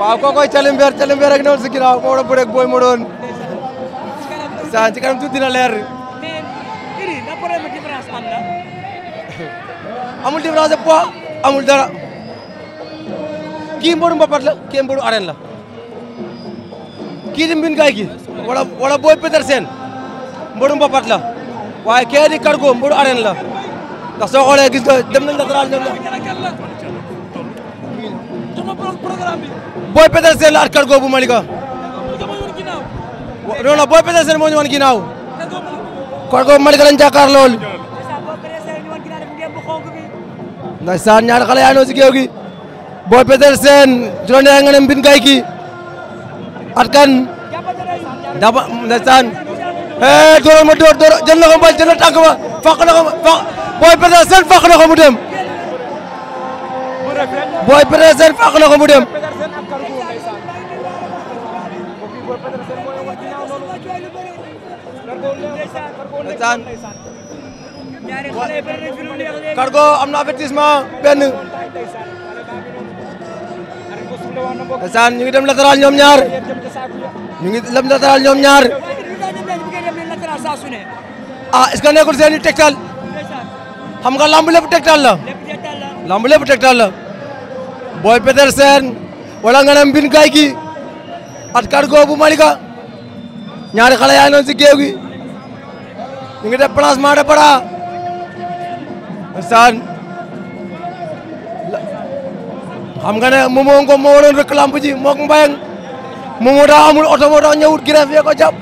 waaw kookoy Calimber Calimber rek noonu si ginnaaw moo doon bu rek booy ma doon. saa ci kanam dina leer. amul différence amul dara kii mbëru mbapat la kii mbëru arène la kii di mbin gaay gi wala wala booy Petersen mbëru mbapat la waaye kee di cargo mbëru arène la ndax soo xoolee gis nga dem nañ la dara booy Petersen la at cargo bu Malika. non non booy Petersen moo ñu wan ginnaaw. cargo bu Malika lañ jàkkaar lool. ndeysaan ñaari xale yaa noo si géew gi. booy Petersen juróom yaa nga ne mbin gay ki at kan daba ndeysaan eh dóoral ma dóor dóor jël na ko mbal na tànk ba fàq na ko fàq booy Petersen fàq na ko dem. Boy Petersen fàq na ko mu dem ndeysaan Cargo am na avertissement benn ndeysaan ñu ngi dem latéral ñoom ñaar ñu ngi dem latéral ñoom ñaar ah est-ce que nekkul seen i tegtal xam lamb lépp tegtal la lamb lépp tegtal la Boy Petersen wala nga ne Mbin Gay at Cargo bu Malika ñaari xale yaa ngi si géew gi ngi def placement de saan xam nga ne moom moo ngoom moo waroon rek Mbayang moom moo daa amul oto yee ko jàpp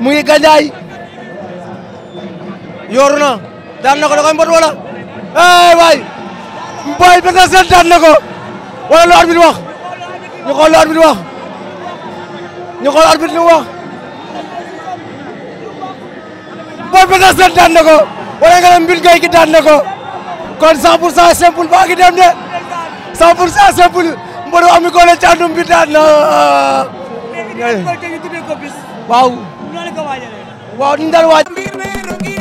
mu ngi gànjaay yooru na daan na ko mbot wala eh waay Boy Petersen daan wala lu arbitre wax ñu xool lu arbitre wax ñu xool arbitre lu wax Boy Pétasser daan na ko wala nga ne Mbine Gueye daan na ko kon 100 pour baa ngi dem de 100 pour cent simple mbooloo am na ko la daan na. waaw waaw daan waaj